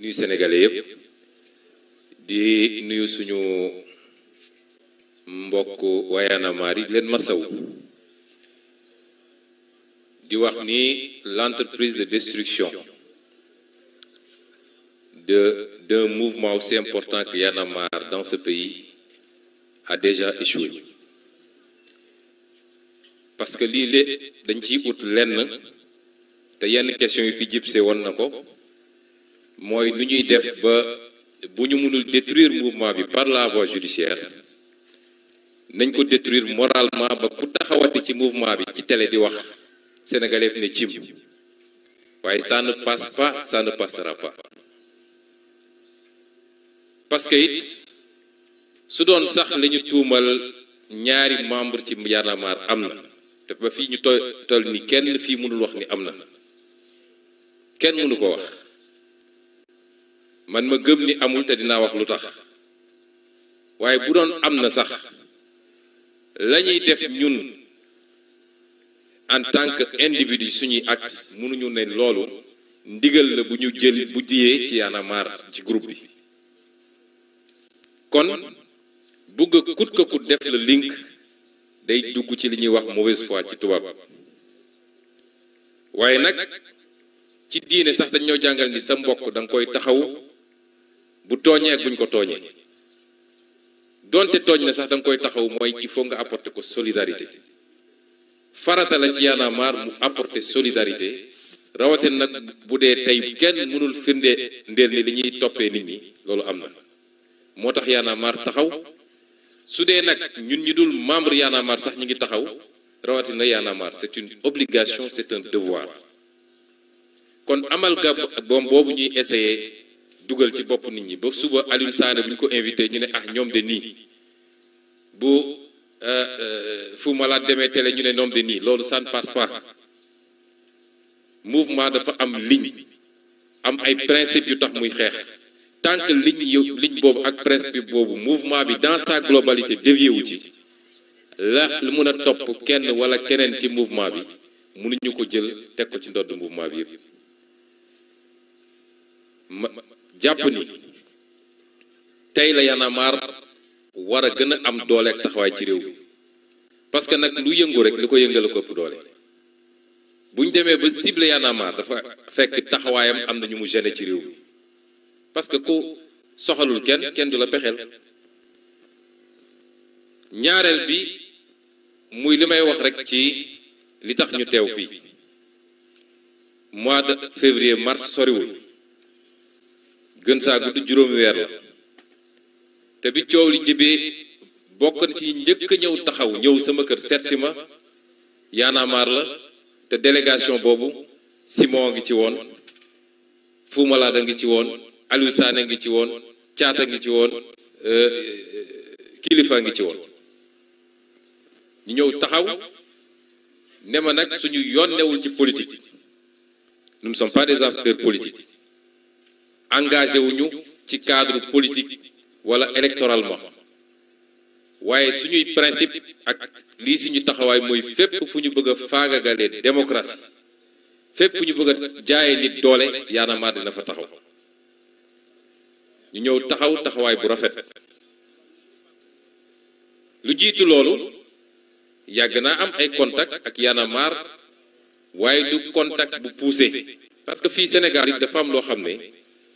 Nous nuyu sénégalais yépp di nuyu suñu mbokk wayanamaar yi di di wax ni l'entreprise de destruction de d'un mouvement aussi important que Yanamar dans ce pays a déjà échoué parce que li lée dañ ci out lenn te yenn question yu fi c'est woon moy nu def ba buñu mënul détruire mouvement bi par la voie judiciaire nañ ko détruire moralement ba ku taxawati ci mouvement bi ci télé di wax sénégalais ne cim waaye ça ne passe pas ça ne passera pas parce que it su doon sax li ñu tuumal ñaari membre ci Y'en a marre am na te ba fii ñu tol ni kenn fii mënul wax ni am na kenn mënu ko wax man ma gëm ni amul te dina wax lutax waye bu doon am sax lañuy def ñun en tant que individu suñuy mënu ñu ne loolu ndigal la bu ñu jël bu diyé ci yana mar ci groupe bi kon bugg kut ko kut def le link day dugg ci liñuy wax mauvaise foi ci tubab waye nak ci diiné sax dañ ñoo jangal ni sa mbokk dang koy taxaw bu tooñee ak buñ ko tooñee donte toñ na sax dang koy taxaw moy il fo nga apporter ko solidarité farata la ci yana mar mu apporter solidarité rawatina nak budé tay kenn mënul firnde ndéel ni li topé nit ñi lolu amna na yana mar taxaw sudé nak ñun ñi dul membre yana mar sax ñi ngi taxaw rawatina na yana mar c'est une obligation c'est un devoir kon amal ga bom bobu ñuy essayer dugal ci bop nit ñi ba suba alim Sané buñ ko invité ñu ne ah ñom de ni bu euh, euh, fu mala démé télé ñu ne ñoom de ni lolu ça ne passe pas mouvement dafa am ligne am ay principe yu tax muy xeex tant que ligne ligne boobu ak principe boobu mouvement bi dans sa globalité dévié wu ci la lu mun a kenn wala kenen ci mouvement bi mënuñu ko jël tek ko ci ndodd mouvement bi yépp jàpp ni tey la Y'en a marre war a gën a am doole ak taxawaay ci réew bi parce que nag lu yëngu rek lu ko yëngale ko ëpp doole bu demee ba sible Y'en a marre dafa fekk taxawaayam am na ñu mu gêné ci réew mi parce que ku soxalul kenn kenn du la pexeel ñaareel bi muy li may wax rek ci li tax ñu teew fii mois de février mars soriwul gën saa gudd juróomi weer la te bi coow li jibee bokk na ci njëkk a ñëw taxaw ñëw sama kër seet si ma yaana la te délégation boobu Simon ngi ci woon Fou Malade ngi ci woon Aliou Sané ngi ci woon Caata ngi ci woon euh, kilifa ngi ci woon ñu ñëw taxaw ne ma nag suñu yoon newul ci politique nous ne sommes pas des acteurs engagé wuñu ci cadre politique wala électoralement waaye suñuy principe ak lii suñu taxawaay mooy fépp fu ñu bëgg a faagagalee démocratie fépp fu ñu bëgg a jaaye nit doole Y'en a marre dina fa taxaw ñu ñëw taxaw taxawaay bu rafet lu jiitu loolu yàgg naa am ay contact ak Y'en a marre waaye du contact bu poussé parce que fii Sénégal it dafa am loo xam ne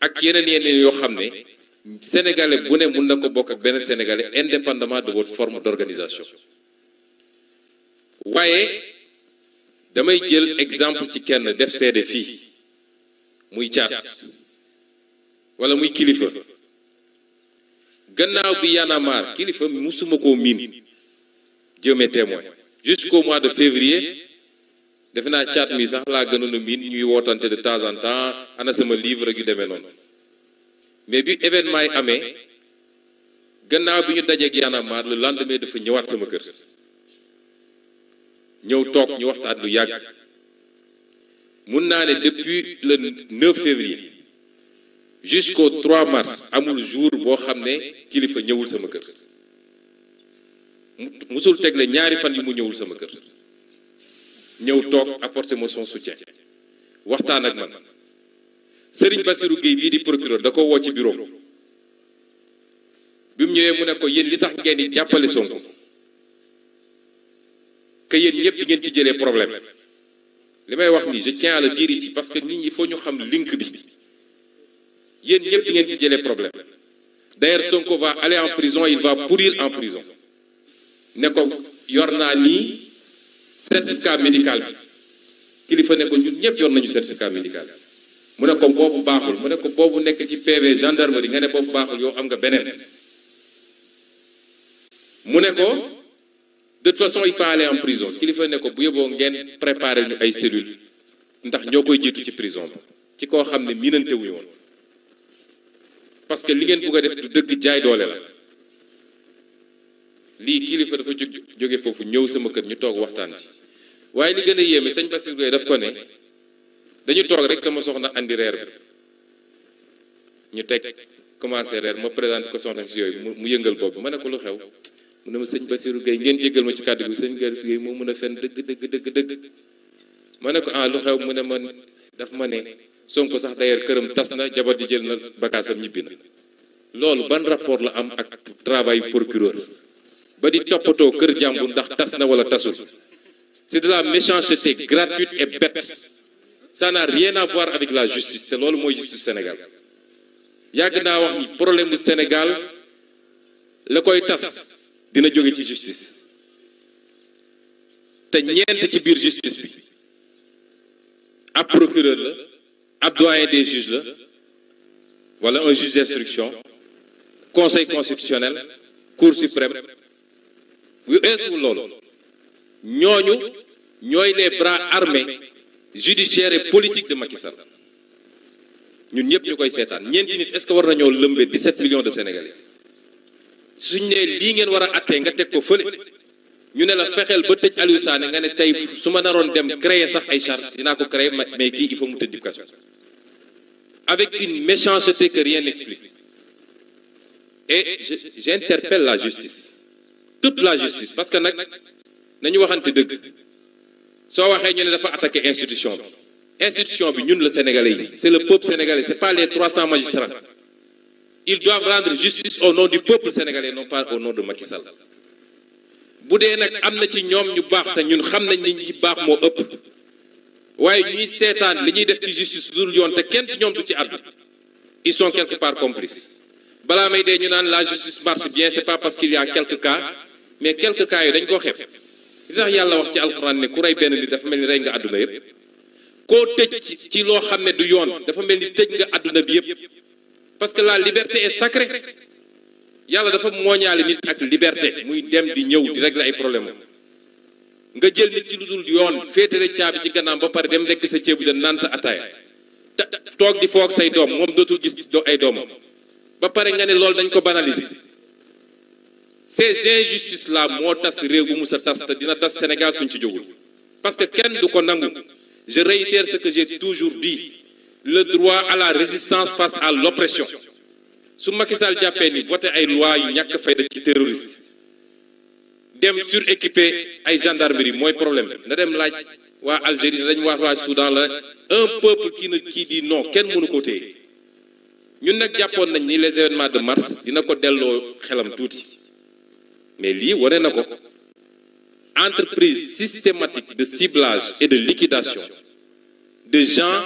ak yeneen yeneen yoo ne sénégalais bu ne mun bokk ak beneen sénégalais indépendamment de votre forme d'organisation waaye damay jël exemple ci kenn def seede fii muy caat wala muy kilifa gannaaw bi maar kilifa Dieu me témoigne. jusqu'au mois de février defe naa caat mi sax laa gënoon a miin ñuy wootante de temps en temps ana sama livre gi demee noonu mais bi événement yi amee gannaaw bi ñu dajeeg Y'en a le lendemain dafa ñëwaat sama kër ñëw toog ñu waxtaan lu yàgg mun naa ne depuis le 9 février jusqu'au 3 mars amul jour boo xam ne kilifa ñëwul sama kër musul tegle ñaari fan yu mu ñëwul sama kër ñew tok apporter mo son soutien waxtaan ak man Serigne Bassirou Gueye bi di procureur da ko woo ci bureau bi mu mu ne ko yéen li tax ngeen di jappalé Sonko que yeen ñepp di ngeen ci jëlé problème limay wax ni je tiens à le dire ici parce que nit ñi faut ñu xam link bi yeen ñepp di ngeen ci jëlé problème d'ailleurs Sonko va aller en prison il va pourrir en prison ne ko yor certificat médical kilifa ne ko ñun ñep yor nañu certificat médical mu ne ko bobu baxul mu ne ko bobu nek ci PV gendarmerie nga ne boobu baaxul yow am nga benen mu ne ko de toute façon il faut aller en prison kilifa ne ko bu yóbboo ngeen préparer ñu ay cellules ndax ñokoy jittu ci prison ci ko xam minante wu wuñu parce que li ngeen bugg def du deug jaay doole la lii kilifa dafa jóg jóge foofu ñëw sama kër ñu toog waxtaan ci waaye li gën a yéeme sëñ Bassirou Gueye daf ko ne dañu toog rek sama soxna andi reer bi ñu teg commencé reer ma présenté ko soxna si yooyu mu yëngal bopp ma ne ko lu xew mu ne ma sëñ Bassirou Gueye ngeen jéggal ma ci kàddu gi sëñ Bassirou Gueye moo mën a fen dëgg dëgg dëgg dëgg ma ne ko ah lu xew mu ne man daf ma ne Sonko sax d'ailleurs këram tas na jabar ji jël na bakaasam ñibbi na loolu ban rapport la am ak travail procureur c'est de la méchanceté gratuite et bête ça n'a rien à voir avec la justice c'est lolu moy justice Sénégal Si naa wax ni problème au Sénégal le koy tas dina jogé ci justice té ñent ci biir justice bi ab procureur la ab doyen des juges la un juge d'instruction conseil constitutionnel cour suprême nous sommes ñooñu les bras armés judiciaires et politiques de Macky Sall ñun ñëpp ñu koy seetaan est-ce que war nañoo lëmbee 17 millions de Sénégalais suñ nee lii ngeen war a attee nga teg ko fële ñu ne la fexeel ba tëj Aliou Sané nga ne tey su ma naroon dem créer sax ay charge dinaa ko créer mais kii il faut mu tëj di kaso avec une méchanceté que rien n'explique et j'interpelle la justice la justice parce que nous avons dit que nous avons ñu L'institution, attaqué institution institution bi sénégalais c'est le peuple sénégalais c'est pas les 300 magistrats ils doivent rendre justice au nom du peuple sénégalais non pas au nom de Macky Sall si dee nag am nous ci ñoom ñu baax te ñun xam nañ ni ñi baax moo ëpp waaye justice dul ci ils sont quelque part complices may la justice marche bien c'est pas parce qu'il y a quelques cas mais quelques cas yi dañ ko xef li tax yàlla wax ci alxuraan ne ku rey benn nit dafa mel ni rey nga àdduna yëpp koo tëj ci loo xam ne du yoon dafa mel ni tëj nga àdduna bi yëpp parce que la liberté est sacrée yàlla dafa mooñaale nit ak liberté muy dem di ñëw di régler ay problème nga jël nit ci lu dul yoon féetale caabi ci gannaaw ba pare dem lekk sa ceebu jën naan sa ataaya te toog di foog say doom moom dootul gis do ay doomam ba pare nga ne loolu dañ ko banaliser ces injustices là moo rew réew bu musa tas te dina tas Sénégal suñ ci djogul parce que ken du ko je réitère ce que j'ai toujours dit le droit à la résistance face à l'oppression su Macky Sall jàppee ni voter ay loi yu ñàkk fayda ci terroriste dem suréquipé ay gendarmerie moy problème na dem laaj wa Algérie dañ wax Soudan la un peuple qui ne qui dit non ken mënu ko téye ñun nak jàppoon nañ ni les événements de mars dina ko dello xelam touti mais il wane a entreprise systématique de ciblage et de liquidation de gens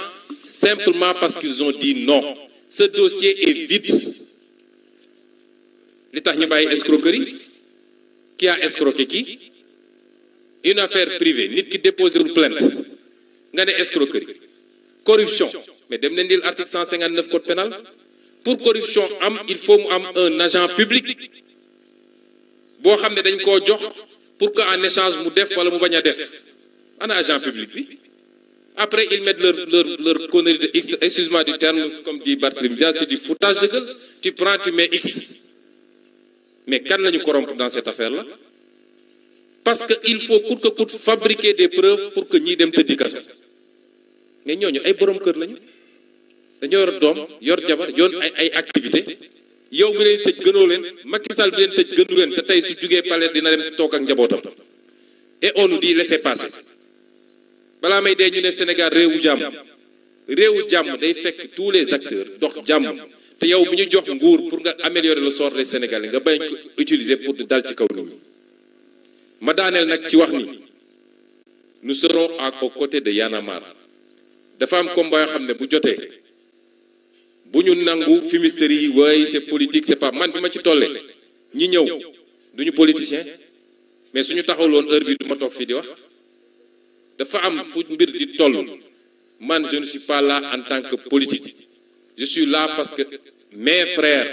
simplement parce qu'ils ont dit non ce dossier est vide L'État tax ñu une escroquerie qui a escroqué qui une affaire privée ni qui dépose une plainte a escroquerie corruption mais dem avez dit l'article 159 code pénal pour corruption il faut un agent public bo xamné dañ ko jox pour que en échange mu def wala mu baña def agent public bi après ils mettent leur leur leur connerie de x excuse-moi du terme comme dit Barthélémy Dias c'est du foutage de gueule tu prends tu mets x mais kan que nous corrompre dans cette affaire là parce qu'il faut coûte que coûte fabriquer des preuves pour que nous dem te kaso mais nous, ay borom kër lañu de yor dom yor jabar yoon ay ay activité yow mi leen tëj gënoo leen Macky Sall bi leen tëj gënu leen te tey su jugee palais dina dem toog ak njabootam et on nous dit laissez passer balaa may dee ñu ne Sénégal réewu jàmm réewu jàmm day fekk tous les acteurs dox jàmm te yow mi ñu jox nguur pour nga améliorer le sort des Sénégalais nga bañ ko utiliser pour dal ci kaw ñu ma daaneel nag ci wax ni nous serons à côté de Yanamar dafa am combat yoo xam ne bu jotee bu langu, nangu fumisterie yi c'est politique c'est pas man bi ma ci tolle ñi ñëw duñu politicien mais suñu taxawloon heure bi du ma toog De di wax dafa am fu mbir di toll man je ne suis pas là en tant que politique je suis là parce que mes frères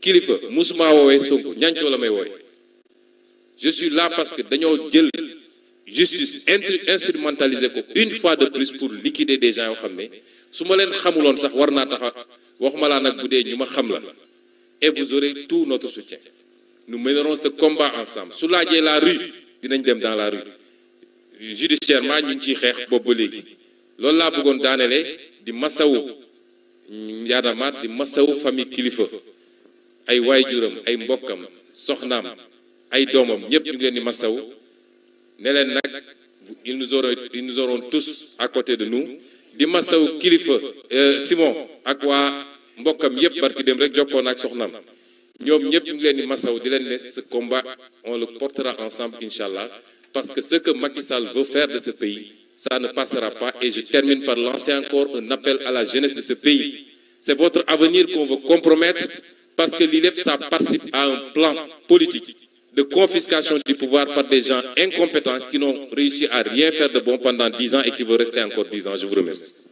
kilifa Musma, woowee Sonko ñancoo Mewoy. may je suis là parce que dañoo jël justice instrumentalisée une fois de plus pour liquider des gens su ma leen xamuloon sax warna naa taxa waxuma la nak bu ñuma xam la et vous aurez tout notre soutien nous mènerons ce combat ensemble su laajee la rue dinañ dem dans la rue judiciairement ñu ci xex xeex boobu ba léegi loolu laa bëggoon daanelee di masawu yaadamaat di massaw famille kilifa ay waajuram ay mbokam soxnam ay domam ñëpp ñu ngeen di masawu ne leen nag ils nous auront ils nous auront tous à côté de nous kilifa eh, Simon ak barki dem rek ce combat on le portera ensemble Inshallah. parce que ce que Macky Sall veut faire de ce pays ça ne passera pas et je termine par lancer encore un appel à la jeunesse de ce pays c'est votre avenir qu'on veut compromettre parce que l'ILEP ça participe à un plan politique de confiscation du pouvoir par des gens incompétents qui n'ont réussi à rien faire de bon pendant dix ans et qui vont rester encore dix ans. Je vous remercie.